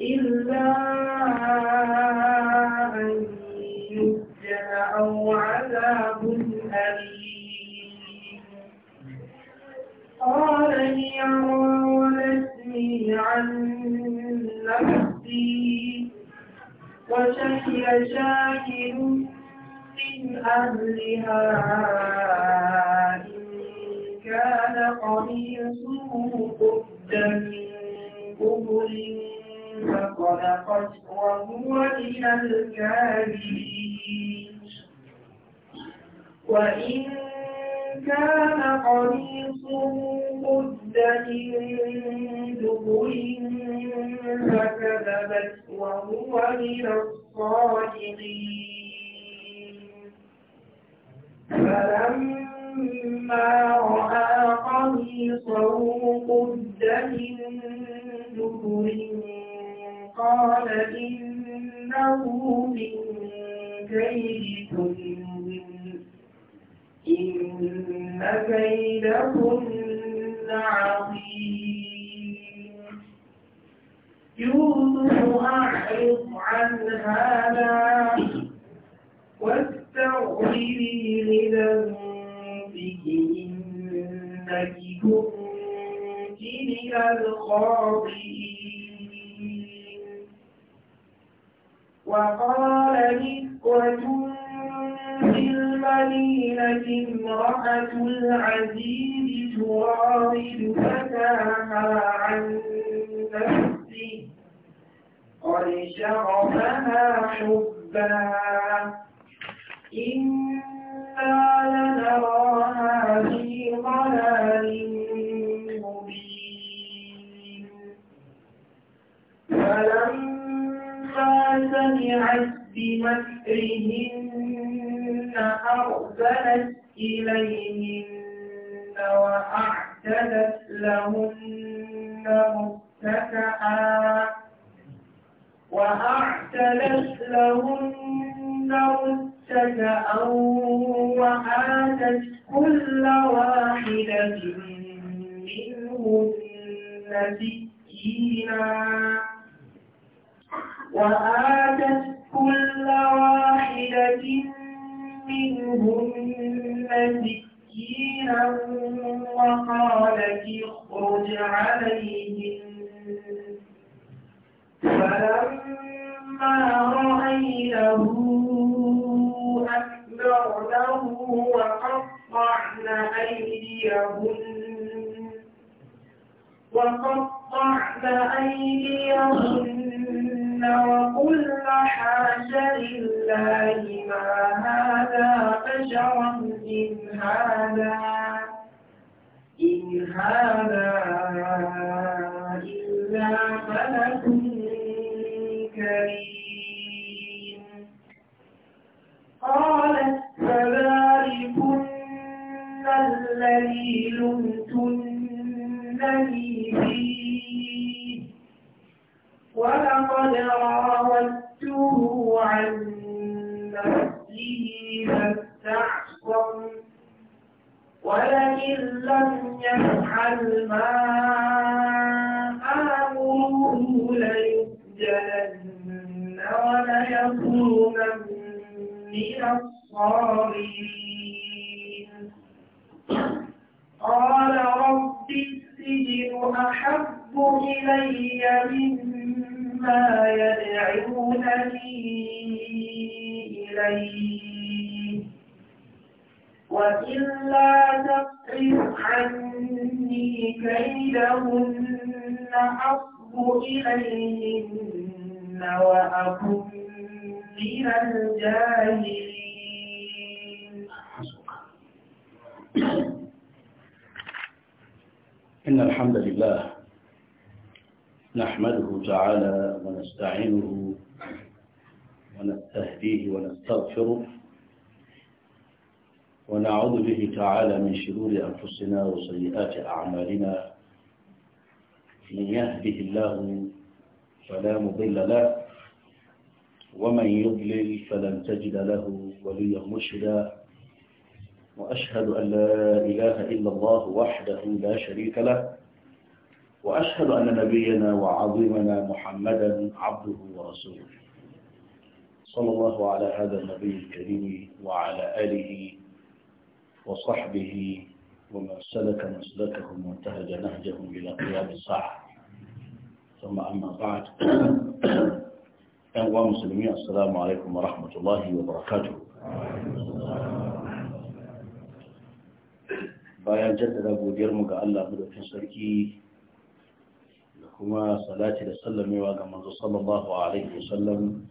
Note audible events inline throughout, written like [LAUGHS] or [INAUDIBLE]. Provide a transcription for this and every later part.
إلا أن يسجن أو عذاب أليم قال هي راودتني عن نفسي وشهي شاكر من أهلها إن كان قميصه قد من قبل فصدقت وهو من الكاذبين وإن كان قميصه قد من دبر فكذبت وهو من الصادقين فلما رأى قميصه قد من ذكر قال إنه من كيدكن إن كيدكن عظيم يوسف أعرض عن هذا واستغفري لذنبك إنك كنت من الخاطئين وقال نسوة في المدينة امرأة العزيز تراود فتاها عن نفسه قد شغفها حبا إليهن وأعتدت لهن متكئا وأعتدت لهن متكئا وآتت كل واحدة منهن سكينا وآتت كل واحدة منهم سكينا وقالت اخرج عليهن فلما رأينه أكبرنه وقطعن أيديهن وقطعن أيديهن كن وقلن حاش لله ما هذا بشرا إن هذا إن هذا ولقد راودته عن نفسه فاستعصم ولئن لم يفعل ما آمره ليسجنن وليكونن من الصاغرين قال رب السجن أحب إلي مما ما يدعونني إليه وإلا تصرف عني كيدهن أصب إليهن وأكن من الجاهلين إن الحمد لله نحمده تعالى ونستعينه ونستهديه ونستغفره ونعوذ به تعالى من شرور أنفسنا وسيئات أعمالنا من يهده الله فلا مضل له ومن يضلل فلن تجد له وليا مرشدا وأشهد أن لا إله إلا الله وحده لا شريك له وأشهد أن نبينا وعظيمنا محمدا عبده ورسوله صلى الله على هذا النبي الكريم وعلى آله وصحبه ومن سلك مسلكهم وانتهج نهجهم إلى قيام الساعة ثم أما بعد أهلا مسلمين السلام عليكم ورحمة الله وبركاته bayan جدد أبو ديرمك الله madaukin سركي kuma salati da sallamewa ga manzo sallallahu alaihi wasallam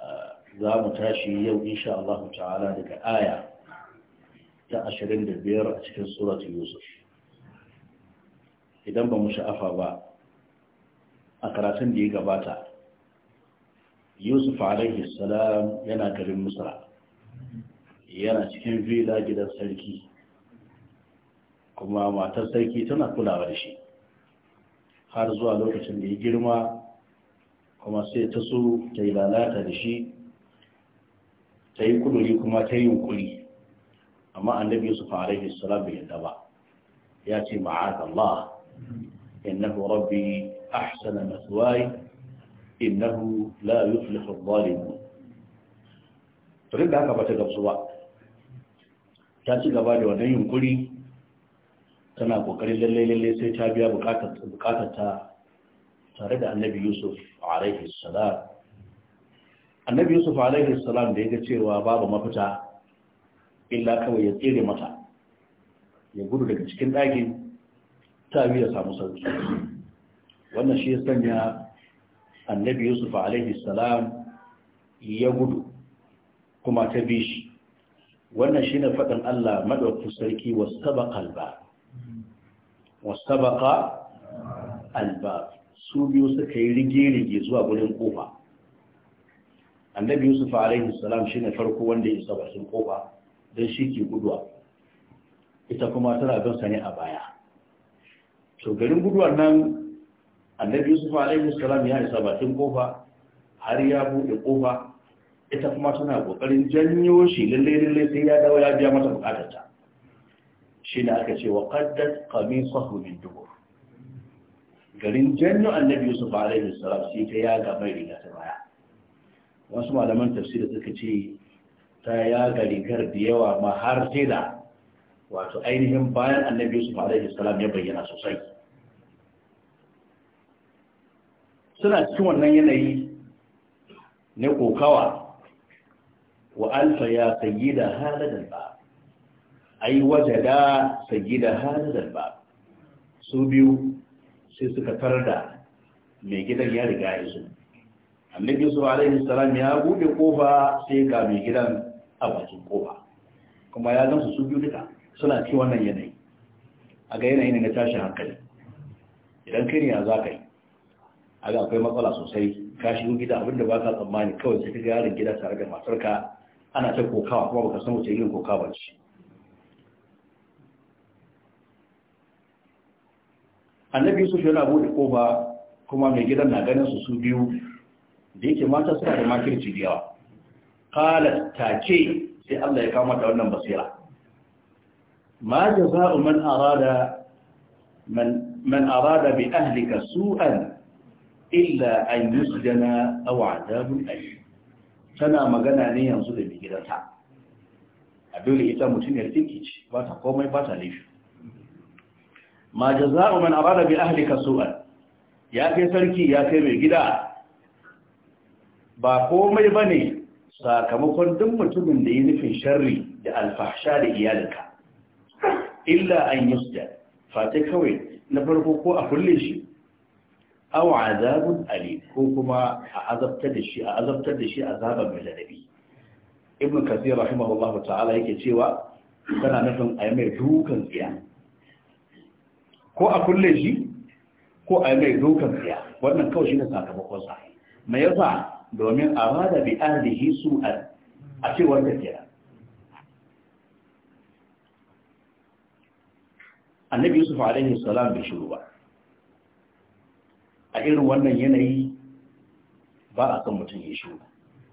uh, za mu tashi yau insha Allah ta'ala daga aya ta 25 a cikin suratul yusuf idan ba mu sha'afa ba a karatun da ya gabata yusuf alaihi salam yana garin misra yana cikin vila gidan sarki kuma matar sarki tana kulawa da shi har zuwa lokacin da ya girma kuma sai ta so ta yi lalata da shi ta yi kuduri kuma ta yi yunkuri amma annabi yusuf alaihi salam bai yadda ba ya ce ma'aka Allah innahu rabbi ahsana maswai innahu la yuflihu adh-dhalimun to da haka bata gabsu ba ta ci gaba da wannan yunkuri tana kokarin lalle lalle sai ta biya bukatar ta tare da annabi yusuf alaihi salam annabi yusuf alaihi salam da ya ga cewa babu mafita illa kawai ya tsere mata ya gudu daga cikin ɗakin ta biya samu sauki wannan shi ya sanya annabi yusuf alaihi salam ya gudu kuma ta bi shi wannan shi ne faɗin allah maɗaukin sarki wasu taɓa kalba wasabaka albab su biyu suka yi rige-rige zuwa gurin kofa annabi yusuf alaihi salam shine farko wanda ya isa bakin kofa don shi ke guduwa ita kuma tana don sani a baya to garin guduwar nan annabi yusuf alaihi salam ya yi bakin kofa har ya buɗe kofa ita kuma tana kokarin janyo shi lalle lalle sai ya dawo ya biya mata bukatarta shi ne aka ce wa qaddat qamisahu min dubur garin jannu annabi yusuf alaihi salam sai ta yaga mai riga ta baya wasu malaman tafsiri suka ce ta yaga rigar da yawa ma har sai da wato ainihin bayan annabi yusuf alaihi salam ya bayyana sosai suna cikin wannan yanayi na kokawa wa alfa ya da haladan ba ai wajada sagida hadal ba su biyu sai suka tarda mai gidan ya riga ya zo annabi su alaihi salam ya bude kofa sai ga mai gidan a bakin kofa kuma ya gamsu su biyu duka suna ci wannan yanayi a ga yanayi ne na tashin hankali idan kai ne ya za ka yi a ga akwai matsala sosai ka shigo gida abinda ba ka tsammani kawai sai ka ga yarin gida tare da matarka ana ta kokawa kuma baka san wace irin kokawa ce annabi yusuf yana bude kofa kuma mai gidan na ganin su su biyu da yake mata suna da makirci da yawa qalat ce sai Allah ya kama da wannan basira ma jazaa'u man arada man man arada bi ahlika su'an illa an yusjana aw 'adabun alim tana magana ne yanzu da maigidanta. gidanta a dole ita mutum ya rike ba ta komai ba ta laifi ma jaza'u man arada bi ahlika su'an ya kai sarki ya kai mai gida ba komai bane sakamakon duk mutumin da ya nufin sharri da alfahsha da iyalinka illa an yusda fata kawai na farko ko a kulle shi aw azabun ali ko kuma a azabtar da shi a azabtar da shi azaban mai ibn kathir rahimahullahu ta'ala yake cewa kana nufin ayi mai dukan tsiya ko a kulle shi ko a mai dokan tsaya wannan kawai shi ne sakamakon sa mai yasa domin a rada bi ahlihi su a cewar tafiya annabi yusuf alaihi salam bai shiru ba a irin wannan yanayi ba a san mutum ya shiru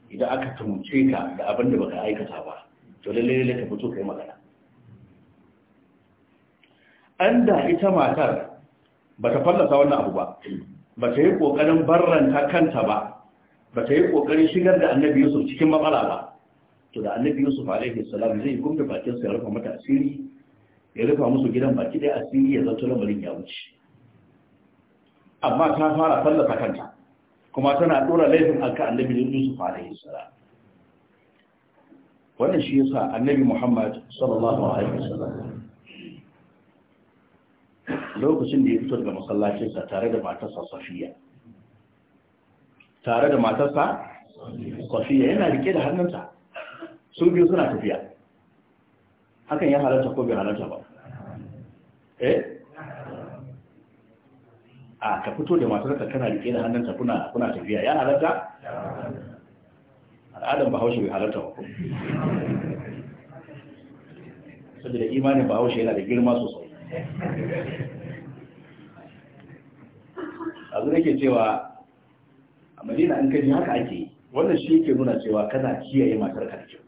idan aka tumce ka da abin da baka aikata ba to lalle lalle ka fito kai magana an da ita matar ba ta fallasa wannan abu ba ba ta yi ƙoƙarin barranta kanta ba ba ta yi ƙoƙarin shigar da annabi yusuf cikin matsala ba to da annabi yusuf alaihi salam zai gumbe bakin sa ya rufa mata asiri ya rufa musu gidan baki ɗaya asiri ya zato lamarin ya wuce amma ta fara fallasa kanta kuma tana ɗora laifin akan annabi yusuf alaihi salam wannan shi yasa annabi muhammad sallallahu alaihi wasallam lokacin da ya fito daga masallacinsa tare da matarsa safiya tare da matarsa safiya yana rike da hannunta su biyu suna tafiya hakan ya halarta ko bai halarta ba eh a ka fito da matarsa kana rike da hannunta kuna kuna tafiya ya halarta al'adar bahaushe bai halarta ba saboda imanin bahaushe yana da girma sosai abu nake cewa a madina an kaji haka ake yi wannan shi yake nuna cewa kana kiyaye matar ka da kyau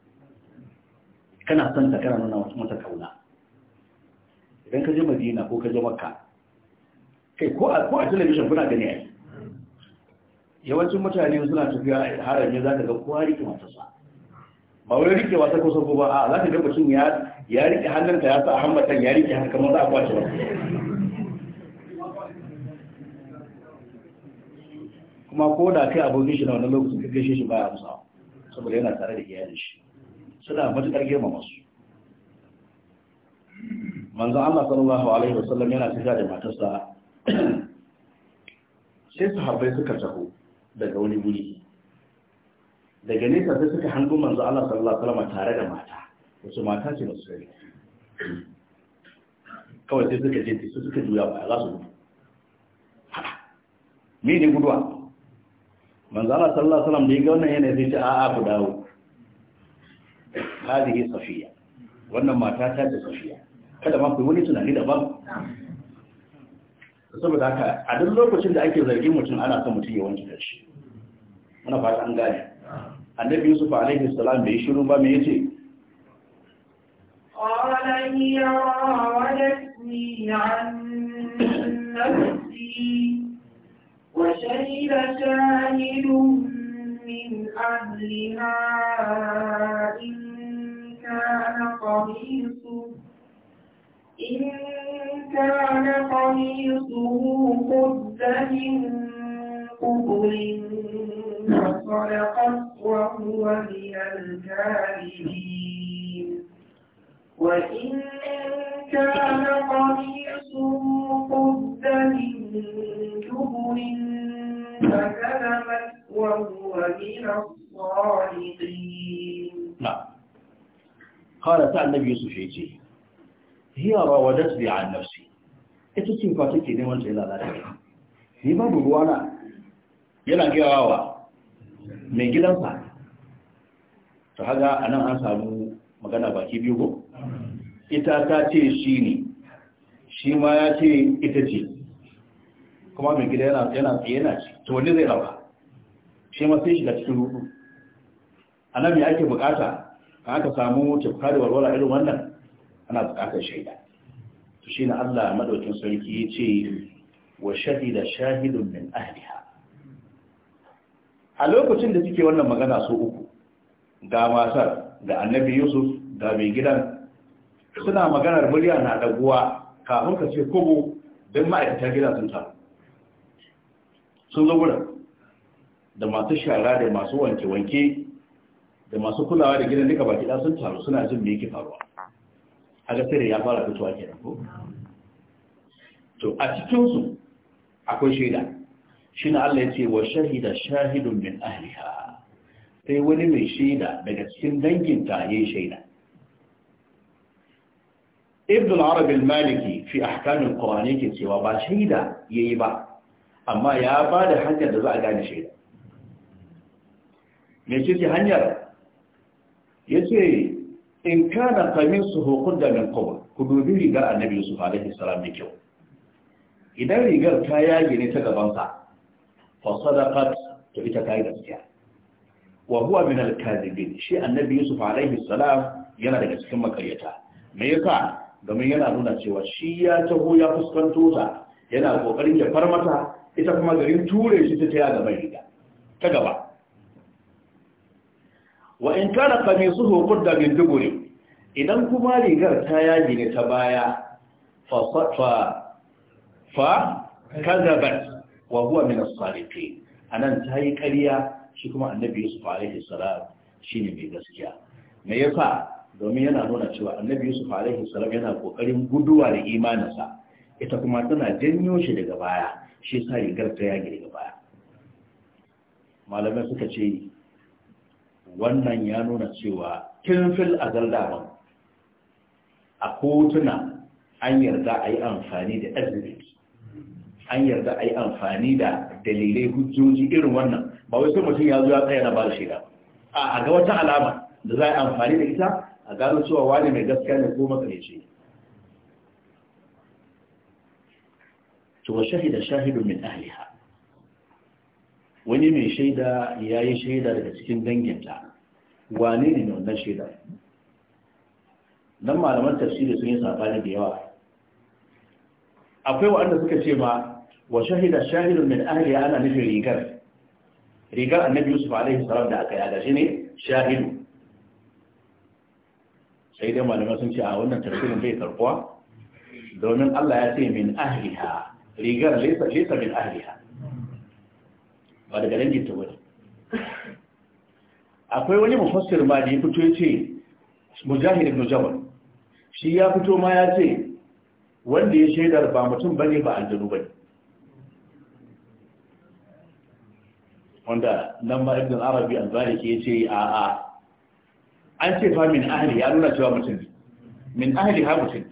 kana son ta kana nuna mata kauna idan ka je madina ko ka je makka kai ko a ko a kuna gani ai yawancin mutane suna tafiya a za zaka ga kowa rike matarsa ba wai rike wata kusa ko ba a zaka ga mutum ya ya rike hannunta ya sa a hammatan ya rike haka kamar za a kwace ba kuma ko da kai abokin shi na wani lokacin ka gaishe shi baya amsa saboda yana tare da iyalin shi suna matukar girma masu manzon Allah sallallahu alaihi wasallam yana tafiya da matarsa sai sahabbai suka taho daga wani wuri daga nesa sai suka hango manzo Allah sallallahu alaihi wasallam tare da mata wasu mata ce masu sai kawai sai suka je su suka juya ba za su gudu mene guduwa Allah sallallahu alaihi wasallam da ga wannan yana zai a a'a ku dawo hadihi safiya wannan mata ta ta safiya kada ma ku wani tunani daban saboda haka a duk lokacin da ake zargin mutum ana son mutum ya wanke kashi muna fata an gane annabi yusuf alaihi salam bai shiru ba me yace qala ya rawadatni an nafsi وشهد شاهد من أهلها إن كان قميصه إن كان قميصه قد من قبل فصدقت وهو من الكاذبين وإن كان قميصه قد أشد من قال تعالى النبي يوسف يجي هي راودتني عن نفسي ita ce ba take neman ta yi lalata ni babu ruwana yana wa mai gidansa To haga a nan an samu magana baki biyu ko ita ta ce shi ne shi ma ya ce ita ce kuma mai gida yana yana tsaye na ci. to wani zai ɗauka? shi ma sai shiga cikin rudu nan ya ake bukata ka aka samu tafka da walwala irin wannan ana bukatar shaida to na Allah madaukin sarki yace wa shahida shahidun min ahliha a lokacin da suke wannan magana su uku ga matar da annabi Yusuf da mai gidan suna maganar murya na daguwa kafin ka ce kobo don ma'aikatar gidan sun taru sun zo wurin da masu shara da masu wanke-wanke da masu kulawa da gidan duka baki da sun taru suna jin me yake faruwa a gasar ya fara fitowa kenan ko to a cikinsu akwai shaida shi na Allah ya ce wa shahida shahidun min ahliha sai wani mai shaida daga cikin danginta ya yi shaida ibn arab al-maliki fi ahkamin qur'ani ke cewa ba shaida yayi ba amma ya ba da hanyar da za a gane shaida mai ce hanyar ya ce in ka na kamin su hukun da min kowa ku dubi rigar annabi yusuf alaihi salam da kyau idan rigar ta yage ne ta gabansa fa sadaqat to ita ta yi gaskiya wa huwa min al-kadhibin shi annabi yusuf alaihi salam yana daga cikin makaryata me yasa domin yana nuna cewa shi ya taho ya fuskanto ta yana kokarin ya farmata ita kuma garin ture shi ta taya gaban riga ta gaba wa in kana qamisuhu qudda bin duburi idan kuma rigar ta yaji ne ta baya fa fa fa kazabat wa huwa min as-sadiqin anan tayi karya. shi kuma annabi Yusuf alaihi salam shine mai gaskiya me yasa domin yana nuna cewa annabi Yusuf alaihi salam yana kokarin guduwa da imanin sa ita kuma tana janyo shi daga baya shi sa rigar ta yage daga baya malamai suka ce wannan ya nuna cewa kin a azal a kotuna an yarda a yi amfani da arziki an yarda a yi amfani da dalilai hujjoji irin wannan ba wai sai mutum ya zo ya tsaya na ba da a ga wata alama da za a yi amfani da ita a gano cewa wani mai gaskiya ne ko ne. to wa shahida shahidu min ahliha wani mai shaida ya yi shaida daga cikin danginta wane ne wannan shaida nan malaman tafsiri sun yi sabani da yawa akwai waɗanda suka ce ma wa shahida shahidu min ahliha ana nufin rigar rigar annabi yusuf alaihi salam da aka yaga ne shahidu sai dai malamai sun ce a wannan tafsirin bai karkuwa domin Allah ya ce min ahliha rigar laisa min ahliha ba daga dangin ta wani akwai wani mufassir ma da ya fito ya ce mujahid ibn jabal shi ya fito ma ya ce wanda ya shaidar ba mutum bane ba aljanu bane wanda nan ma ibn arabi al ya ce a a an ce fa min ahli ya nuna cewa mutum min ahli ha mutum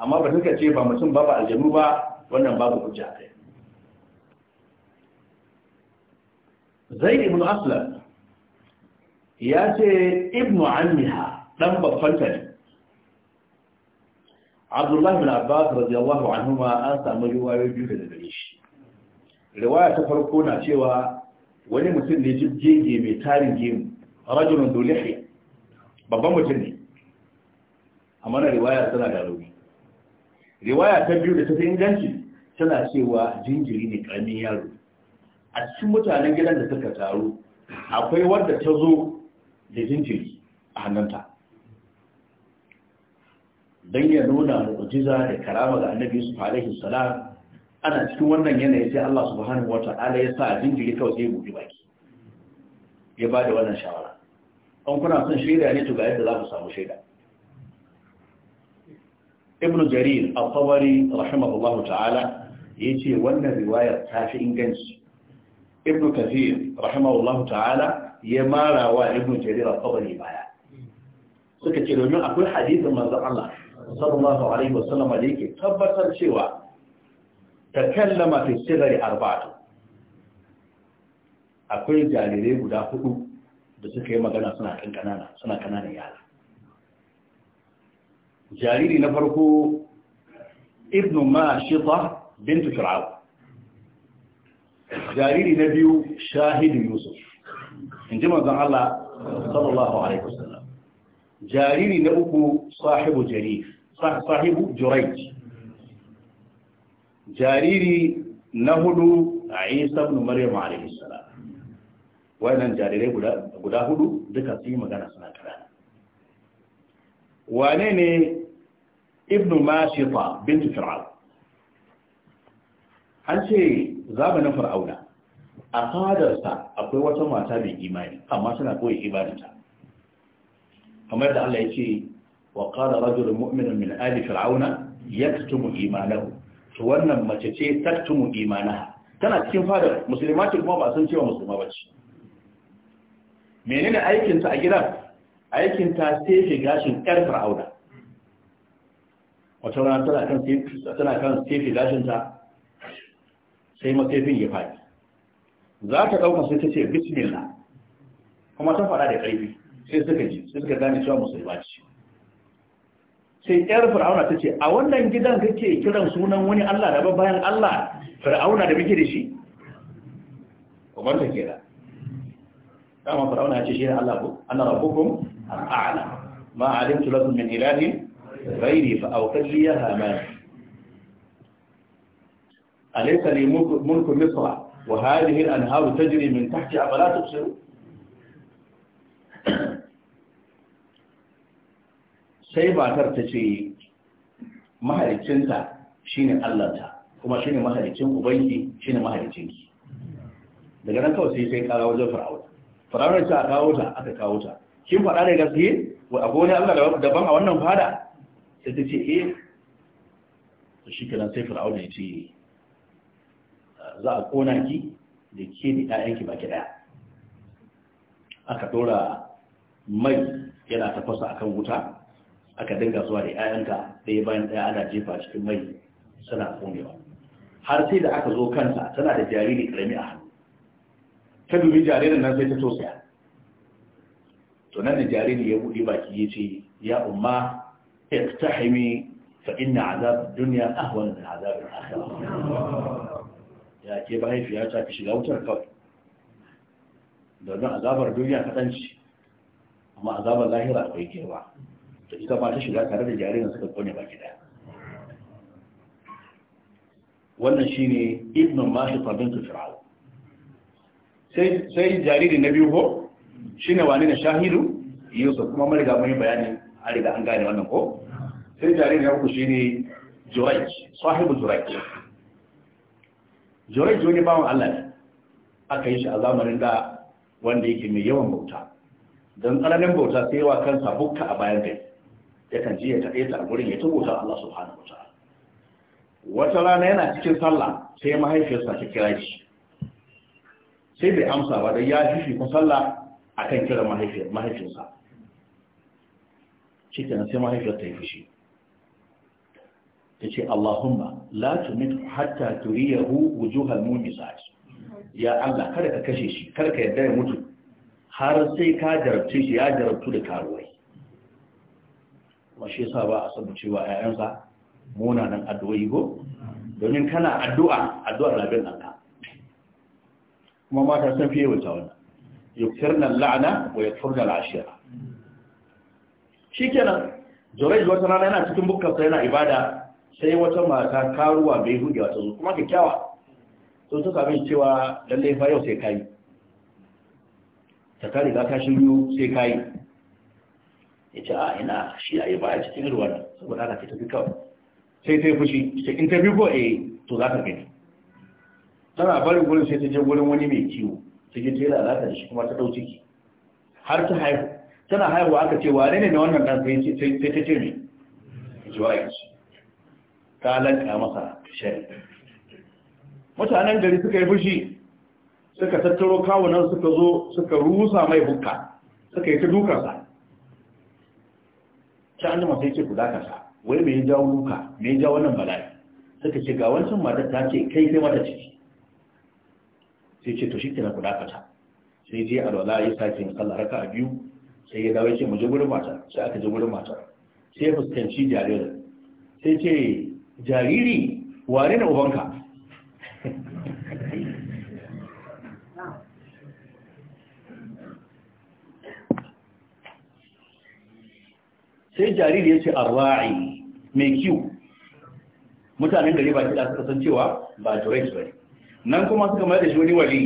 amma ba suka ce ba mutum ba ba aljanu ba wannan babu hujja a kai zaid ibn aslan ya ce ibnu ammiha dan babban ta ne abdullah ibn abbas radiyallahu ma an samu riwaya biyu da gare shi riwaya ta farko na cewa wani mutum ne jibgege mai tarin gemu rajulun dole babban mutum ne amma na riwaya tana da riwaya ta biyu da ta fi inganci tana cewa jinjiri ne karamin yaro a cikin mutanen gidan da suka taru akwai wanda ta zo da jinjiri a hannunta don ya nuna mu'jiza da karama ga annabi su alaihi salam ana cikin wannan yanayi sai Allah subhanahu wata'ala ya sa jinjiri kawai sai ya buɗe baki ya ba da wannan shawara an kuna son shaida ne to ga yadda za ku samu shaida ibn jarir al-tabari rahimahullahu ta'ala yace wannan riwaya ta fi inganci ibn kathir rahimahullahu ta'ala ya mara wa ibn jarir al-tabari baya suka ce domin akwai hadisin manzon Allah sallallahu alaihi wasallam da yake tabbatar cewa takallama fi sirri arba'atu akwai jarirai guda hudu da suka yi magana suna kan kanana suna kananan yara jariri na farko ibnu mashita bintu fir'aun jariri na biyu shahidu yusuf in manzon Allah sallallahu alaihi wasallam jariri na uku sahibu jarif sahibu jurayj jariri na hudu isa ibn maryam alaihi salam wannan jarirai guda guda hudu duka su yi magana suna kana wane ne ibnu mashifa bintu fir'aun an ce zamanin fir'auna a fadarsa akwai wata mata mai imani amma tana koyi ibadanta kamar da Allah ya ce wa qala rajulun mu'minun min ali fir'auna yaktumu imanahu to wannan mace ce taktumu imanaha tana cikin fadar musulma kuma ba san cewa musulma bace menene aikin ta a gidan aikin ta sefe gashin ƴar fir'auna wata rana tana kan tana kan sefe gashin ta sai masefin ya faɗi za ta ɗauka sai ta ce bismillah kuma ta faɗa da ƙarfi sai suka ji sai suka gane cewa musulma ce sai ƴar fir'auna ta ce a wannan gidan kake kiran sunan wani Allah da bayan Allah fir'auna da muke da shi kamar ta kera dama fir'auna ya ce shi ne Allah ko ana rabbukum الأعلى ما علمت لكم من إله غيري فأوكد لي هامان أليس لي ملك مصر وهذه الأنهار تجري من تحت أفلا تبصروا سيبا ترتشي مهر التنسى شين الله kuma shine mahalicin ubangi shine mahalicin daga nan kawai sai sai kawo wajen fir'auna fir'auna ta kawo ta aka kin faɗa da gaske wa abu ne Allah daban a wannan fada sai ta ce eh shi kenan sai fir'auna ya ce za a kona ki da ke da 'ya'yanki baki ɗaya aka dora mai yana tafasa akan wuta aka dinga zuwa da ƴaƴanka ɗaya bayan ɗaya ana jefa cikin mai suna konewa har sai da aka zo kanta tana da jariri karami a hannu ta dubi jaririn nan sai ta tosaya to nan da jariri ya buɗe baki ya ce ya umma iqtahimi fa inna azab dunya ahwana min azab al ya ke mahaifiya ta ki shiga wutar kawai domin azabar duniya kaɗan ce amma azabar lahira akwai girma da ita ma ta shiga tare da jaririn suka kone baki ɗaya wannan shi ne ibn mashi fabin su fir'au sai jariri na biyu ko shine wani na shahidu yusuf kuma mun riga mun yi bayani a riga an gane wannan ko sai ya na shi ne jurayj sahibu jurayj jurayj wani bawan Allah ne aka yi shi a zamanin da wanda yake mai yawan bauta don tsananin bauta sai wa kansa bukka a bayan kai yakan ji ya taɗe ta a gurin ya ta bauta Allah subhanahu wa wata rana yana cikin sallah sai mahaifiyarsa ta kira shi sai bai amsa ba da ya fifi kun sallah a kan kiran mahaifinsa shi kenan sai mahaifiyar ta yi fushi ta ce allahumma la tumit hatta turiyahu wujuhal mumisat ya allah kada ka kashe shi kada ka yarda ya mutu har sai ka jarabce shi ya jarabtu da karuwai kuma shi yasa ba a sabu cewa ƴaƴansa munanan addu'o'i ko domin kana addu'a addu'ar rabin Allah. kuma mata san fiye wata wannan yuktirna la'ana wa yakfurna al'ashira shikenan Jurayj wata rana yana cikin bukkarsa yana ibada sai wata mata karuwa bai huge wata zo kuma kyakkyawa sun suka cewa lallai fa yau sai ta a ina shi yi ba a cikin ruwan saboda ana ta tafi sai ta yi fushi sai in ta ko eh to za ka gani tana bari gurin sai ta je gurin wani mai kiwo cikin ta yi alaka da shi kuma ta ɗau ciki har ta haihu tana haihuwa aka ce wane ne na wannan ɗan sai ta ce ne zuwa yanzu ta lanka masa shari mutanen gari suka yi fushi suka tattaro kawunan suka zo suka rusa mai bukka suka yi ta dukarsa ta an sai ce ku dakasa wai mai jawo duka mai jawo wannan bala'i suka ce ga wancan matar ta ce kai sai mata ciki sai ce to shi kenan ku dakata sai je lola ya sake yin sallah raka a biyu sai ya dawo ya ce mu je mata sai aka je mata sai fuskanci jaririn sai ce jariri wane na ubanka sai jariri ya ce arwa'i mai kiwo mutanen gari ba kiɗa suka san cewa ba jurais ba ne nan kuma suka mai da shi wani wali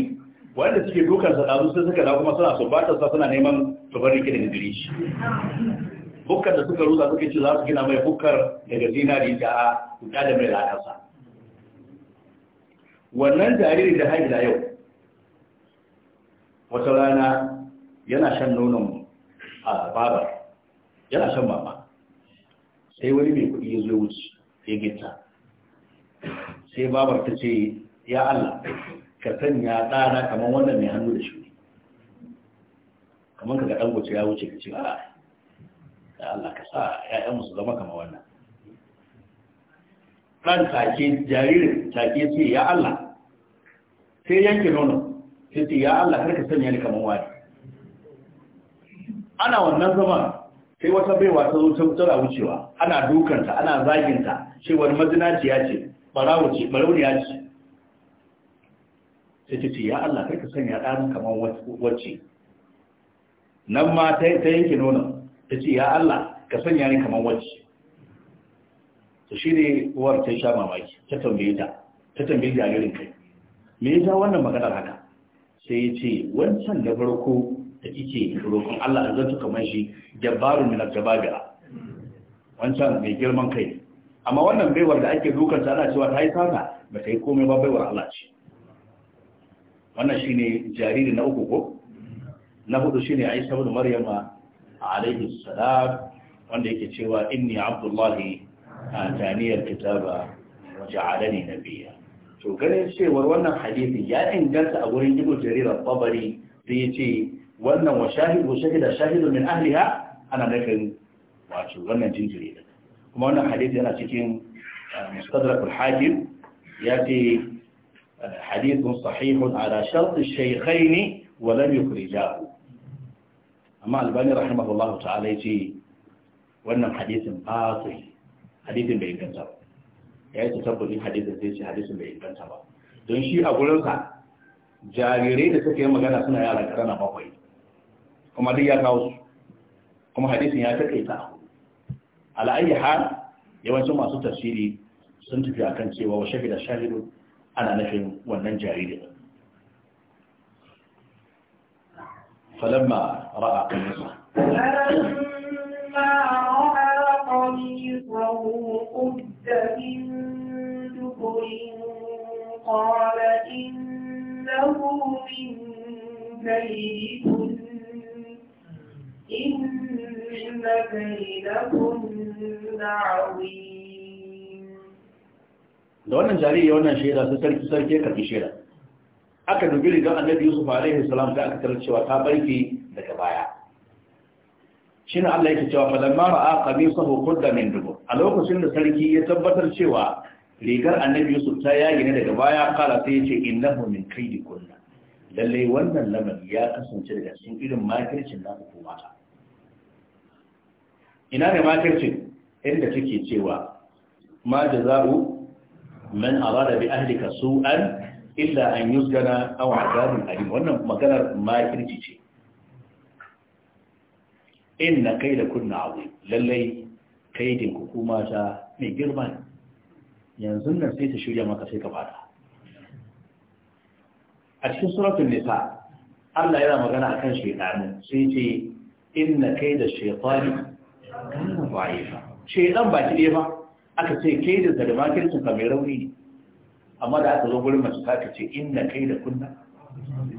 wanda suke dukan sa dazu sai suka da kuma suna so bata sa suna neman su da gari shi bukkar da suka rusa suka ce za su gina mai bukkar daga zinari da kuɗa da mai sa. wannan jariri da haila yau wata rana yana shan nonon a babar yana shan mama sai wani mai kuɗi ya zo wuce ya gita sai babar ta ce ya Allah ka sanya tsara kamar wannan mai hannu da shi kamar ka ga dan goce ya wuce ka ce a ya Allah ka sa 'ya'yan mu su zama kamar wannan dan take jaririn take ce ya Allah sai yanke nono sai ce ya Allah kar ka sanya ni kamar wani ana wannan zaman sai wata baiwa ta zo ta tsara wucewa ana dukanta ana zaginta cewar wani ce barawo ce barauniya ce sai ta ce ya Allah kai ka sanya ɗan kamar wacce nan ma ta yanke nonon ta ce ya Allah ka sanya ni kamar wacce ta shi ne uwar ta sha mamaki ta tambaye ta ta tambaye jaririn kai me ya ja wannan maganar haka sai ya ce wancan da farko da kike roƙon Allah an ta kamar shi jabbarun min al-jababira wancan mai girman kai amma wannan baiwar da ake dukan ta ana cewa ta yi sana ba ta yi komai ba baiwar Allah ce wannan shine jariri na uku ko na hudu shine Isa ibn Maryam ah, alayhi salam wanda yake cewa inni abdullahi ataniyal ah, kitaba na ja'alani nabiyya to ganin cewar wannan hadisi ya inganta a wurin Ibn jarirar babari? tabari sai yace wannan wa shahidu shahida shahidu min ahliha ana nufin wato wannan jinjiri kuma wannan hadisi yana cikin ah, mustadrak al-hakim ya ce حديث صحيح على شرط الشيخين ولم يخرجاه أما الباني رحمه الله تعالى يجي وأن حديث باطل حديث بإنجنسة يعني تتبقى حديث زيش حديث بإنجنسة don shi a gurinsa jarirai da suka yi magana suna yara karana bakwai kuma duk ya kawo su kuma hadisin ya takaita a ala'ayi har yawancin masu tafsiri sun tafi akan cewa wa shafi da ana nufin wannan jaririn فلما راى قميصه فلما رأى قميصة قد من دبر قال انه من كيدكم ان كيدكم da wannan jariri wannan shaida sai sarki sarki ka fi shaida aka dubi rigar annabi yusuf alaihi salam sai aka tarar cewa ta barke daga baya shine Allah yake cewa falamma ra'a qamisahu qudda min dubu? a lokacin da sarki ya tabbatar cewa rigar annabi yusuf ta yage ne daga baya kala sai yace innahu min kaidi kunna lalle wannan lamar ya kasance daga cikin irin makircin na ku mata ina ne makircin inda take cewa ma jaza'u man arada bi ahlika su'an illa an yusjana aw azabun alim wannan maganar makirci ce inna kaida kunna azim lallai kaidin ku mai girma yanzu nan sai ta shirya maka sai ka fada a cikin suratul nisa Allah yana magana akan shaytanu sai ce inna kaida shaytani kana da'ifa shaytan ba ki ba aka ce ke da ka mai rauni ne amma da aka zo gurin masu kaka ce inda kai da kunna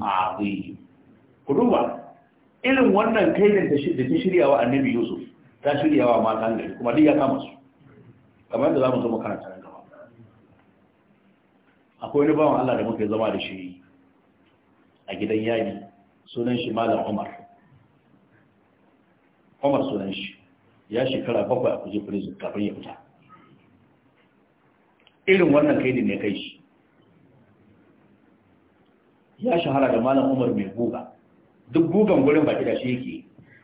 a zai ku duba irin wannan kai da ta shirya wa annabi yusuf ta shirya wa matan gari kuma duk ya kama su kamar da za mu zo karanta nan gaba akwai wani bawan allah da muka zama da shi a gidan yaji sunan shi malam umar umar sunan shi ya shekara bakwai a kuje prison kafin ya fita irin wannan kai ne kai shi ya shahara da malam umar mai guga duk gugan gurin baki da shi yake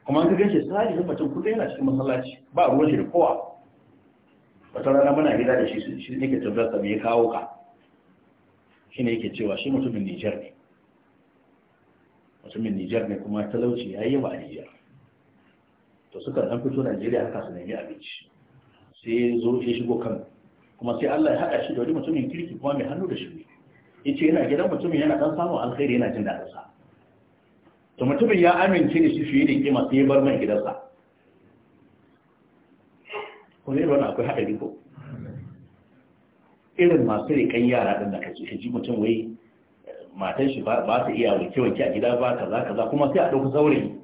kuma ka ganshi sai da mutum kullum yana cikin masallaci ba ruwan shi da kowa wata rana muna gida da shi shi ne ke tabbar sa me kawo ka shi ne yake cewa shi mutumin Niger ne mutumin Niger ne kuma talauci ya yi ba Niger to suka dan fito Najeriya haka su nemi abinci sai zo ya shigo kan kuma sai Allah ya haɗa shi da wani mutumin kirki kuma mai hannu da shi ya ce yana gidan mutumin yana ɗan samun alkhairi yana jin daɗinsa to mutumin ya amince da shi fiye da kima sai ya bar mai gidansa ko ne wani akwai haɗari ko irin masu rikan yara ɗin da ka ce ji mutum wai eh, matan shi ba ta iya kewan wanke a gida ba kaza kaza kuma sai a ɗauki saurayi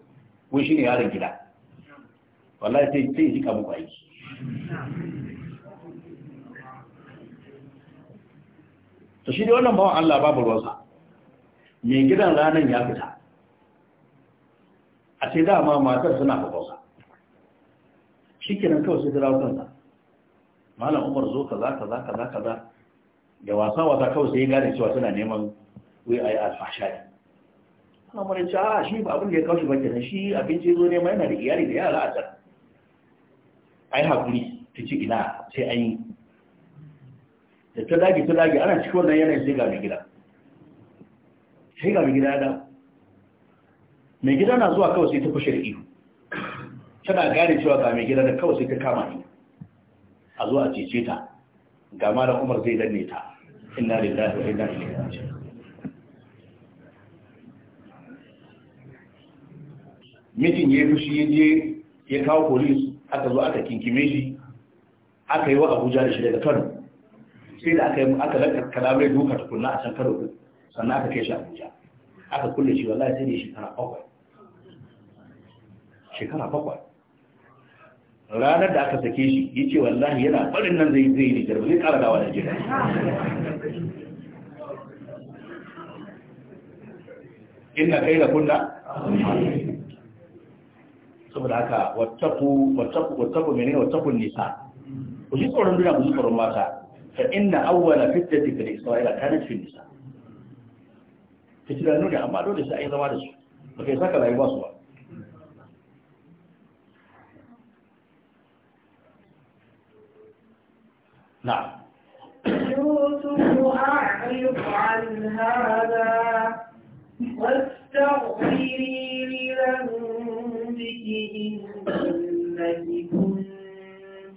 wai shi ne yaron gida wallahi sai sai ji kamu aiki ta shi ne wannan bawan Allah babu ruwansa mai gidan ranar ya fita a ce dama matar suna babausa shi kenan kawai sai jira kansa malam umar zo kaza kaza kaza kaza da wasa wasa kawai sai ya gane cewa suna neman wai a yi alfasha ne ana mara ce a ah, shi ba abin da ya kawo shi ba kenan shi abinci zo nema yana da iyali da yara a can ai hakuri ta ci gina sai an yi da ta dage ta dage ana cikin wannan yanayin sai ga mai gida sai ga mai gida ya dawo mai gida na zuwa kawai sai ta fashe da ihu tana gane cewa ga mai gida da kawai sai ta kama ni a zuwa a cece ta ga mara umar zai danne ta da lillahi wa inna ilaihi raji'un mijin ya yi fushi ya je ya kawo polis aka zo aka kinkime shi aka yi wa abuja da shi daga kano sai da aka yi aka laka kalamai duka tukunna a can karo sannan aka kai shi abuja aka kulle shi wallahi sai da shekara bakwai shekara bakwai ranar da aka sake shi ya ce wallahi yana barin nan zai zai nijar zai kara dawa da jira inna kai da kunna saboda haka wataku wataku wataku mene wataku nisa ku ji tsoron duniya ku ji tsoron mata فإن أول فتة في الإسرائيل كانت في النساء فتنة نوني أما دولي سأي زمان السوء وفي ساكا لا يواصل نعم يوسف أعرف عن هذا واستغفري لذنبك إنك كنت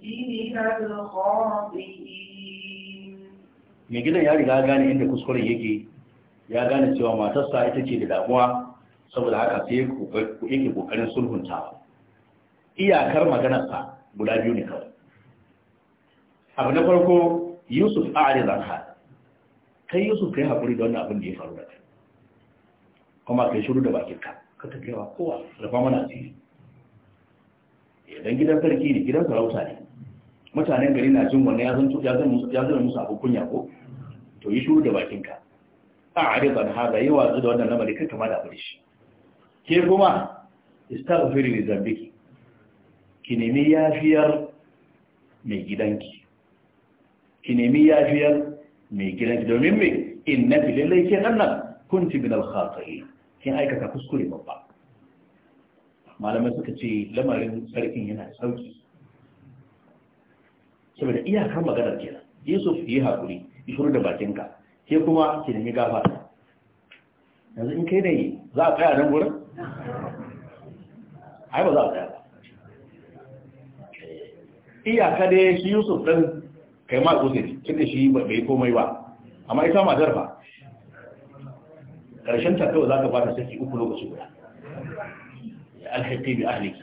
من الخاطئين mai gidan ya riga gane inda kuskuren yake ya gane cewa matarsa ita ce da damuwa saboda haka sai yake kokarin sulhunta iyakar maganarsa guda biyu ne kawai abu na farko yusuf a arin zanha kai yusuf kai haƙuri da wannan abin da ya faru da kai kuma kai shiru da bakinka ka ta kewa kowa rufa mana ce eh, idan gidan sarki ne gidan sarauta ne mutanen gari na jin wannan ya zama musu abin kunya ko to yi shuru da bakinka a arifan haza yi watsu da wannan lamari kai kama da abu shi ke kuma istaghfiri ne zambiki ki nemi yafiyar mai gidanki ki nemi yafiyar mai gidanki domin me innaki lallai ke nan kunti min al kin aikata kuskure babba malamai suka ce lamarin sarkin yana sauki saboda iyakar maganar kenan yusuf yi haƙuri shiru da bakinka ke kuma ki nemi gafa yanzu in kai ne za a tsaya nan gurin ai ba za a tsaya ba eh, iyaka dai shi yusuf ɗin kai ma kusuri da shi bai komai ba amma ita ma fa ƙarshen ta kawai za ka ba ta saki uku lokaci guda alhaƙi bi ahliki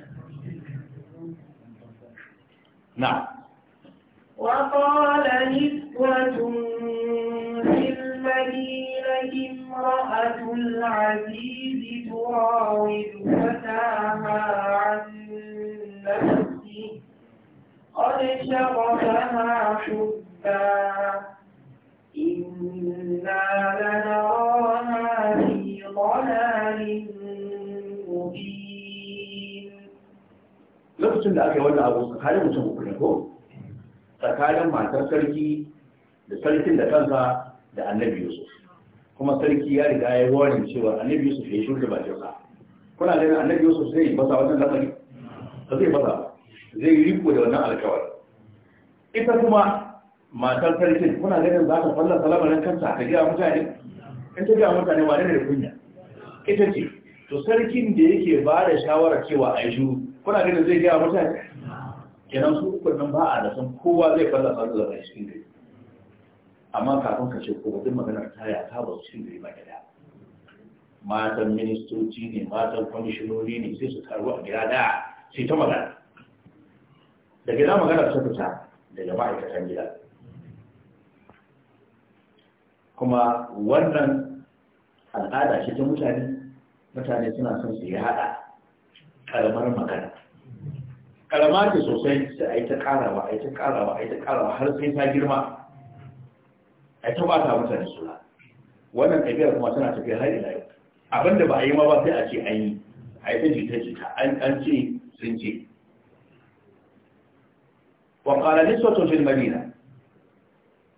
na وقال نسوة في المدينة امرأة العزيز تراود فتاها عن نفسه قد شغفها حبا إنا لنراها في ضلال مبين. لقد سمعت أكي ولا أبو خالد متمكن tsakanin matar sarki da sarkin da kansa da annabi yusuf kuma sarki ya riga ya warin cewa annabi yusuf ya shirya ba jirka kuna ganin annabi yusuf zai fasa wannan lamari ba zai ba zai yi riko da wannan alkawar ita kuma matar sarkin kuna ganin za ta fallasa lamarin kansa ta gaya mutane in ta gaya mutane ba da kunya ita ce to sarkin da yake ba da shawara cewa a yi shuru kuna ganin zai gaya mutane kenan su uku nan ba a da san kowa zai fallasa da zama cikin gari amma kafin ka ce ko duk maganar ta ya ta ba cikin gari ba gida matan ministoci ne matan kwamishinoni ne sai su taru a gida da sai ta magana da gida magana ta fita daga ma'aikatan gida kuma wannan al'ada ce ta mutane mutane suna son su yi haɗa karamar magana karama sosai sai a yi ta karawa a yi ta karawa a yi ta karawa har sai ta girma a yi ta bata mutane suna wannan ɗabi'ar kuma tana tafiya har ila yau abinda ba a yi ma ba sai a ce an yi a yi ta jita jita an ce sun ce wa qala niswatu fil madina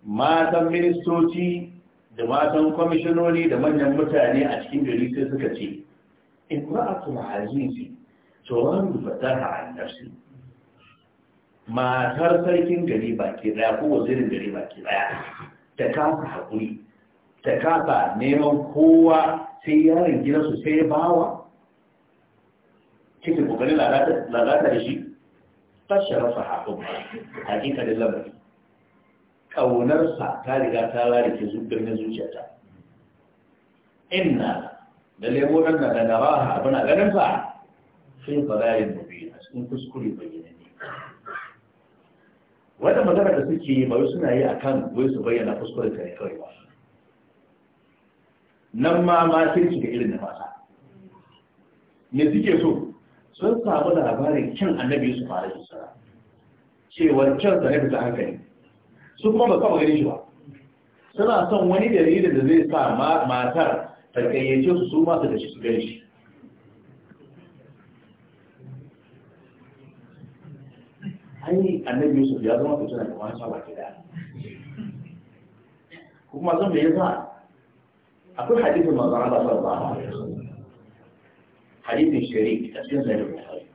matan ministoci da matan kwamishinoni da manyan mutane a cikin gari sai suka ce in kuma ra'atul azizi ta fataha a nafsi matar sarkin gari baki daya ko wazirin gari baki daya ta kasa haƙuri ta kasa neman kowa sai yaron su sai bawa cikin kokarin lalata da shi ta sharafa haƙun haƙiƙa da lamari ƙaunarsa ta riga ta larike na zuciyarta inna da lemo na da na ba abin a ganin ba? sai ba za yi mabi a cikin kuskure bayyana wannan magana da suke yi bari suna yi a kan wai su bayyana kuskuren ta ne kawai ba nan ma ma sai shiga irin da mata me suke so sun samu labarin kyan annabi su fara su sara cewar kyan sa ne fita hankali su kuma ba kawai gani shi ba suna son wani dalilin da zai sa matar ta gayyace su su ma su da shi su gani shi أي النبي يوسف يا زلمة تجينا كمان شاء الله كده كم مرة من يزع أقول حديث ما زال الله صلى الله عليه وسلم حديث الشريك تفسير زي البخاري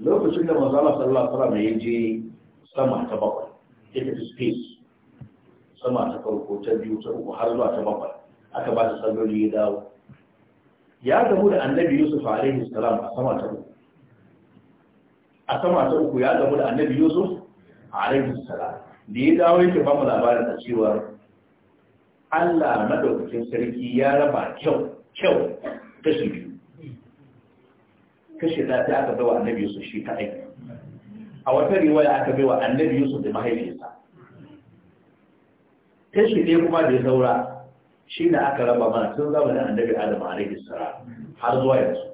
لو تجينا ما زال صلى الله عليه وسلم يجي سمع تبقى take the space سمع تبقى وتجي وتبقى وحرزوا تبقى أكبر سلبي يداو يا دمود النبي يوسف عليه السلام سمع تبقى a sama ta uku ya zama da annabi yusuf alaihi salam da ya dawo yake ba mu labarin da cewa Allah madaukakin sarki ya raba kyau kyau kashi biyu kashi ɗaya ta aka baiwa annabi yusuf shi ta aiki. a wata riwaya aka baiwa annabi yusuf da mahaifinsa kashi ɗaya kuma da ya saura shi da aka raba mana tun zamanin annabi adam alaihi salam har zuwa yanzu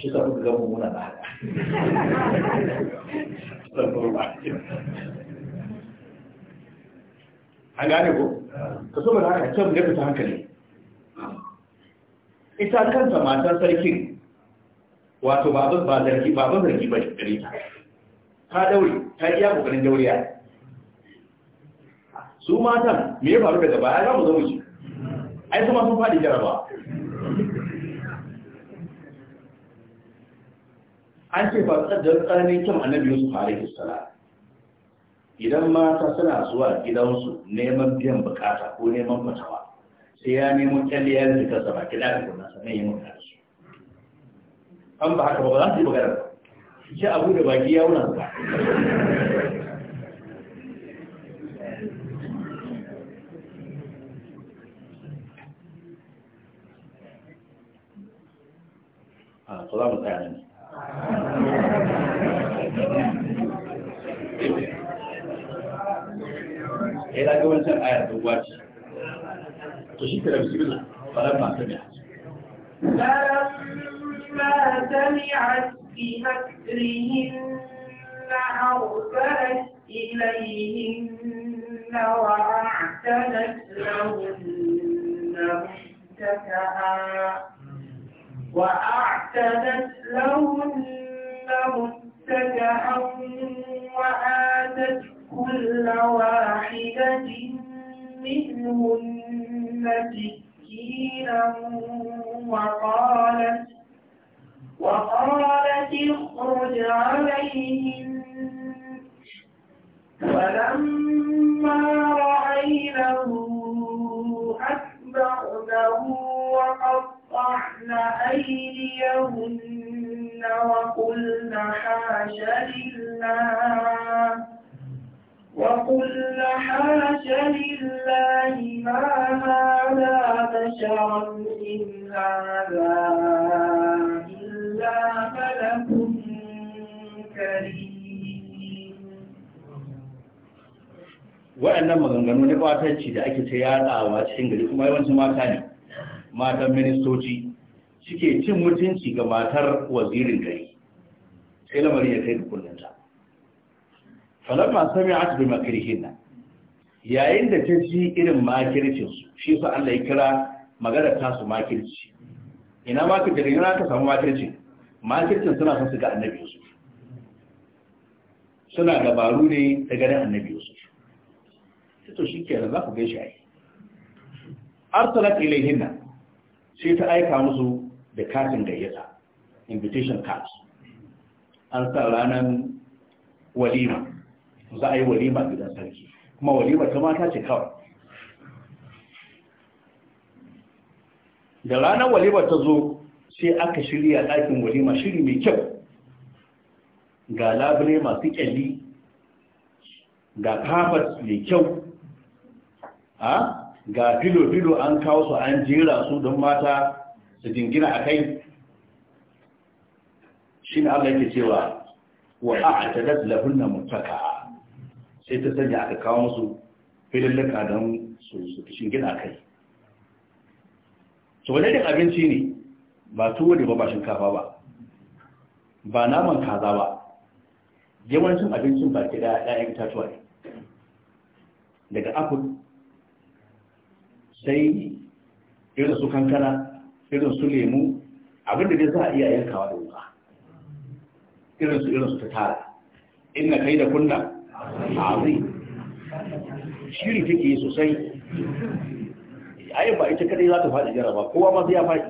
shi ka kuka gama muna da haka an gane ko ka so ba da haka can ya fita hankali ita kanta matan sarkin wato babban ba zargi babban zargi ba gare ta ta daure ta iya kokarin dauriya su matan me ya faru daga baya za mu zo mu ci ai kuma sun faɗi jarabawa an ce ba tsadar tsananin kyan annabi yusuf alaihi idan mata suna zuwa gidansu neman biyan bukata ko neman fatawa sai ya nemo kyalliyar da kansa ba kiɗa da kuma sannan yi mutu su an ba haka ba za su yi magana ba shi abu da baki ya wuna ba a [LAUGHS] ah, to za mu tsaya ne ya ga wancan aya da wace to shi ka da bismillah falamma sami'a فلما سمعت بمكرهن أرسلت إليهن وأعتدت لهن متكئا وأعتدت لهن متكئا وآتت كل واحدة منهن سكينا وقالت وقالت اخرج عليهم فلما رأينه أكبرنه وقطعن أيديهن وقلن حاش لله وقل حاش لله ما هذا بشرا إن هذا إلا ملك wa'annan maganganu na kwatanci da ake ta yadawa cikin gari kuma yawancin mata ne matan ministoci suke cin mutunci ga matar wazirin gari sai lamarin ya kai kullum ta. falamma sami'at bi makrihinna yayin da ta ji irin makircin su shi sa Allah ya kira magana ta su makirci ina ma ka jirgin ka samu makirci makircin suna son su ga annabi Yusuf suna dabaru ne ta ganin annabi Yusuf sai to shikenan za ku gaishe ai arsalat ilayhinna sai ta aika musu da katin gayyata invitation cards an sa ranar walima za a yi walima gidan sarki kuma walima ta mata ce kawai da ranar walima ta zo sai aka shirya ɗakin walima shiri mai kyau ga labule masu kyalli ga kafas mai kyau ga filo-filo an kawo su an jera su don mata su jingina a kai shi ne allah yake cewa wa a ta dazlahun na mutaka sai ta sanya aka kawo musu filallaka don su shingina kai su wani abinci ne ba tuwo ne ba ba shinkafa ba ba naman kaza ba yawancin abincin ba ke da yi itatuwa ne daga apple sai irin su kankana irin su lemu abinda dai za a iya yankawa da wuka irin su irin su ta tara in kai da kunna azim shiri take yi sosai ayin ba ita kadai za ta faɗi jaraba kowa ma ya faɗi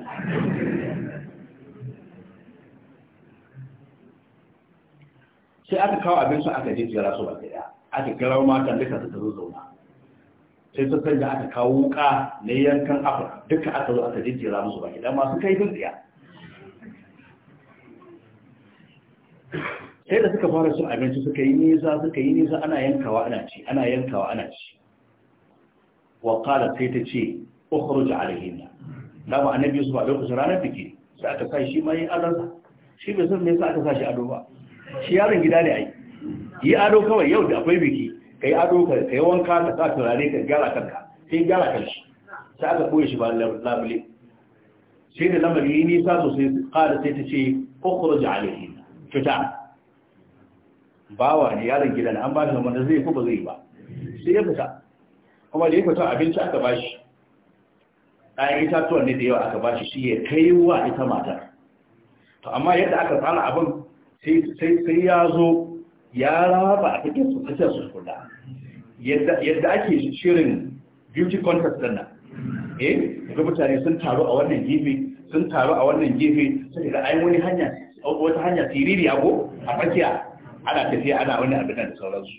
sai aka kawo abin su aka jijjira su ba ɗaya aka kira matan duka su zo zauna sai sassan da aka kawo wuka na yankan afirka duka aka zo aka jijjira musu ba ɗaya masu kai duk ɗaya sai da suka fara sun abinci suka yi nisa suka yi nisa ana yankawa ana ci ana yankawa ana ci wa qala sai ta ce ukhruj alayhinna dama annabi Yusuf a lokacin ranar biki sai aka sa shi mai alansa shi bai san me yasa aka sa shi ado ba shi yaron gida ne ai yi ado kawai yau da akwai biki kai ado ka kai wanka ka sa turare ka gyara kanka sai gyara kanshi sai aka koye shi ba labule sai da lamari nisa sosai qala sai ta ce ukhruj alayhinna fita bawa ne yaron gidan an ba shi wanda zai ko ba zai ba sai ya fita kuma da ya fita abinci aka ba shi ɗayan itatuwan ne da yawa aka ba shi shi ya kai wa ita matar to amma yadda aka tsara abin sai ya zo ya raba a cikin su cikin su kula yadda ake shirin beauty contest din nan eh ga mutane sun taru a wannan gefe sun taru a wannan gefe sai da ai wani hanya wata hanya siriri ago a fakiya ana tafiya ana wani abin da sauransu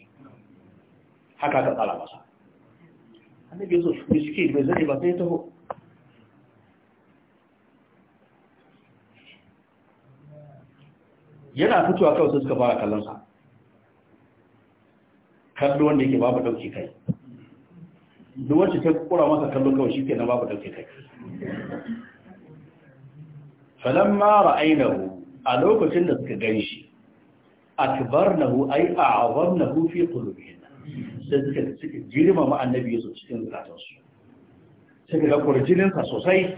haka ka tsara masa annabi yusuf miski bai zai ba sai taho yana fitowa kawai sai suka fara kallon sa kallo wanda yake babu dauke kai duk wacce ta kura masa kallo kawai shi ke na babu dauke kai falamma ra'ainahu a lokacin da suka gan shi na hu, a akbarnahu na hu fi qulubihim sai suka suka girmama annabi Yusuf cikin zukatansu suka ga kurjinin sa sosai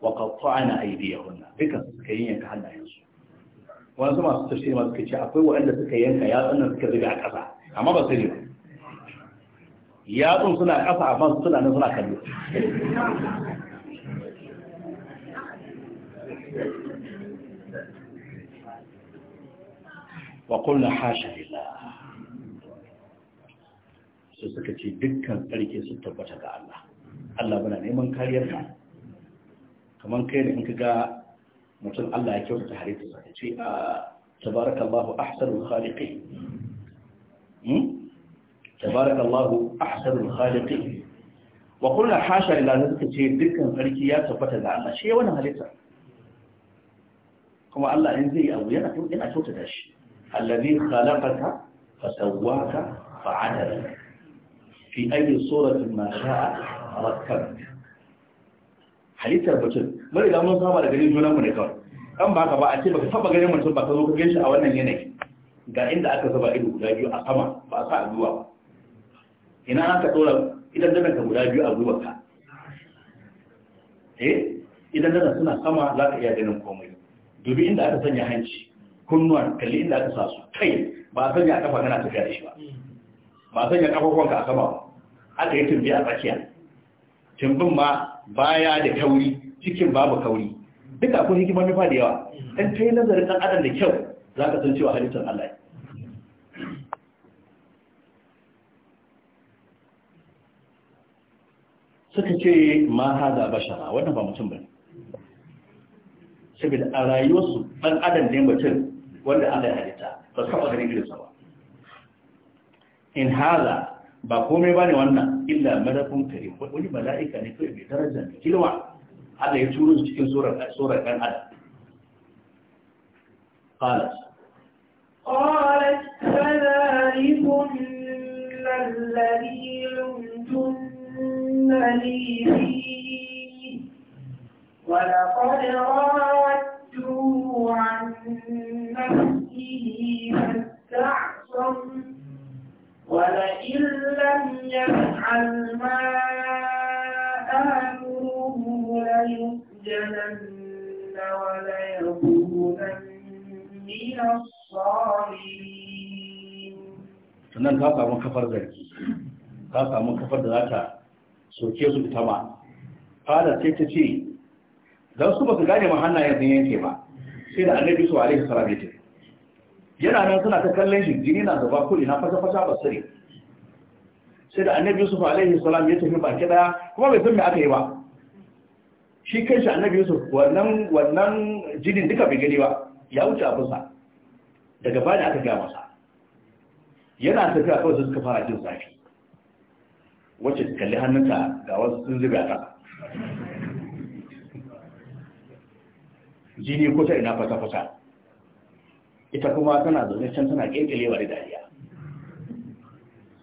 wa ya aydiyahunna duka suka yanka hannayensu wani su masu tafsiri ma suka ce akwai waɗanda suka yanka yatsun nan suka zube a ƙasa amma ba su ne ba yatsun suna ƙasa amma suna nan suna kallo wa kullu hasha lillah su suka ce dukkan tsarki su tabbata ga Allah Allah bana neman kariyar ka kamar kai ne in ka ga mutum Allah ya kyautata halittar sa ce a tabarakallahu ahsanul khaliqin hmm? tabarakallahu ahsanul khaliqin wa kullu hasha su suka ce dukkan tsarki ya tabbata ga Allah shi wannan halitta kuma Allah in zai yi abu yana kyautata shi allazi khalaqaka fasawwaka fa'adalaka fi ayi suratin ma sha'a rakkab halittar mutum mai da mun saba da ganin junan mu ne kawai kan ba ka ba a ce baka saba ganin mutum ba ka zo ka ganshi a wannan yanayi ga inda aka zuba ido guda biyu a sama ba a sa a zuwa ba ina aka dora idan dana ka guda biyu a zuwa ka eh idan dana suna sama za ka iya ganin komai dubi inda aka sanya hanci kunnuwan kalli inda aka sa su kai ba a sanya kafa kana tafiya da shi ba ba a sanya kafa ka a sama aka yi tumbi a tsakiya tumbin ma baya da kauri cikin babu kauri duka akwai hikima nufa da yawa dan kai nazarin dan adam da kyau za ka san cewa halittar Allah suka ce ma haza bashara wannan ba mutum ba ne. saboda a rayuwarsu ɗan adam ne mutum wanda Allah ya halitta ba su kafa ganin irinsa ba in haza ba komai ba ne wannan illa malakun karim wani mala'ika ne kawai mai daraja mai kilwa Allah ya turo su cikin tsoron ɗan adam قالت قالت فذلكن الذي لمتن لي فيه ولقد راوت kafar zargi ka samu kafar da za ta soke su ta ba fadar sai ta ce don su ba su gane ma hannayen sun yanke ba sai da annabi su alaihi salam ya tafi yana nan suna ta kallon shi jini na zuba ko ina fasa fasa ba sare sai da annabi yusuf alaihi salam ya tafi baki daya kuma bai san me aka yi ba shi shi annabi yusuf wannan wannan jinin duka bai gani ba ya wuce abinsa daga bani aka gaya masa yana tafiya kawai sun suka fara jin zafi wacce kalli hannunka ga wasu sun zuga ta jini ko ta ina fata-fata ita kuma tana zaune can tana ƙirƙirewa wa dariya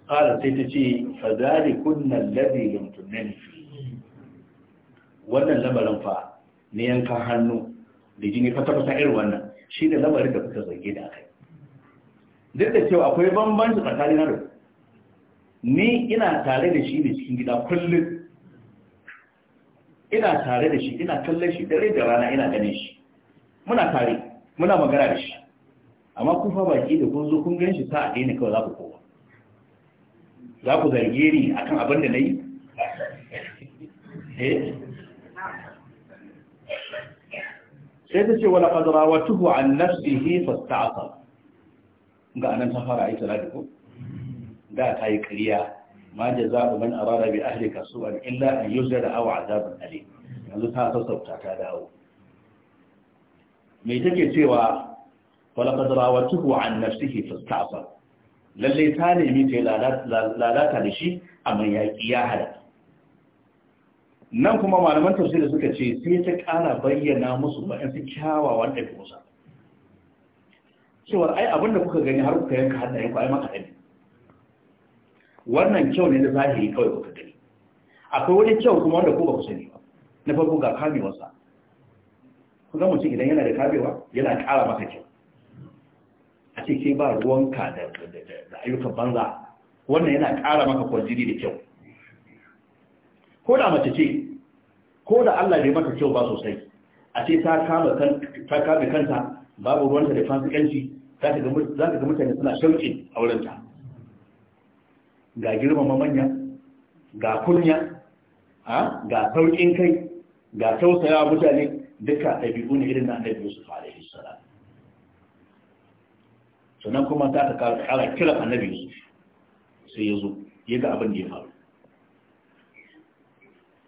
ƙara sai ta ce fazari kunnan labi lumtunan wannan lamarin fa ne yankan hannu da jini fata-fata irin wannan shi ne lamarin da kuka zarge da aka duk da cewa akwai bambanci tsakanin na ni ina tare da shi ne cikin gida kullum ina tare da shi ina kallon shi dare da rana ina ganin shi muna tare muna magana da shi amma kun fa baki da kun zo kun gan shi sa'a ɗaya ne kawai za ku kowa za ku zarge ni akan abin da na yi eh? sai ta ce wala qad tuhu an nafsihi fasta'asar ga anan ta fara aita da ku da ta yi kariya ma jaza'u man arara bi ahlika an illa an yuzara aw azabin ali yanzu ta sassauta ta dawo me take cewa walaqad rawatuhu an nafsihi fasta'sar lalle ta nemi ta lalata da shi amma ya ya hada nan kuma malaman tafsir suka ce sai ta kana bayyana musu su kyawawan ɗabi'unsa cewa ai abin da kuka gani har kuka yanka hannayen ku ai maka ne wannan kyau ne da zahiri kawai kuka gani akwai wani kyau kuma wanda ku ba ku sani ba na farko ga kamewarsa ku ga mutum idan yana da kamewa yana ƙara maka kyau a ce ke ba ruwanka da ayyukan banza wannan yana ƙara maka kwarjini da kyau ko da mace ce ko da Allah bai maka kyau ba sosai a ce ta kame kanta babu ruwanta da fasikanci za ka ga mutane suna shauƙin aurenta ga girmama manya ga kunya ga sauƙin kai ga tausayawa mutane duka ɗabi'u ne irin na annabi Yusuf alaihi salam sannan kuma za ta ƙara kiran annabi Yusuf sai ya zo ya ga abin da ya faru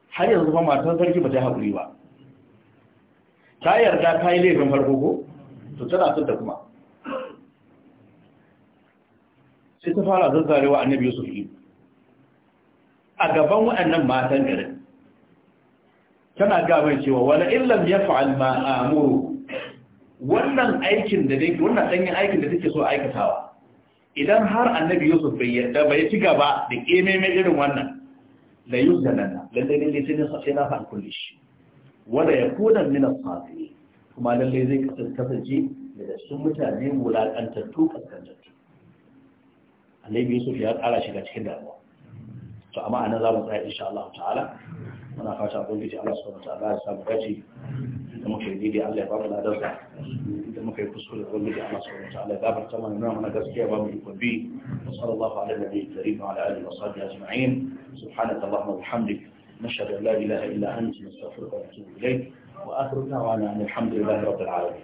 har yanzu ba matan sarki ba ta haƙuri ba ta yarda ta yi laifin farko ko to tana son ta kuma sai ta fara zazzarewa annabi yusuf yi a gaban waɗannan matan garin tana gaban cewa wani illam ya fa'al ma'amuru wannan aikin da dai wannan danyen aikin da take so aikatawa idan har annabi yusuf bai yadda bai ci gaba da kememe irin wannan la yuzana da dai dai sai na sai na fa kulli shi wala yakuna min as-sabirin kuma lallai zai kasance daga sun mutane wulaƙantattu kaskantattu annabi yusuf ya ƙara shiga cikin damuwa to amma anan za mu tsaya insha Allah ta'ala muna fata ubangiji Allah subhanahu wa ta'ala ya samu gaji da muka yi daidai Allah ya ba mu ladarsa da muka yi kuskure ubangiji Allah subhanahu wa ta'ala ya gafarta mana nuna mana gaskiya ba mu yi kwabi wa sallallahu ala nabiyyi karim wa ala alihi wa sahbihi ajma'in subhanaka allahumma wa bihamdik nashhadu an la ilaha illa anta nastaghfiruka wa natubu ilayk وآخر دعوانا الحمد لله رب العالمين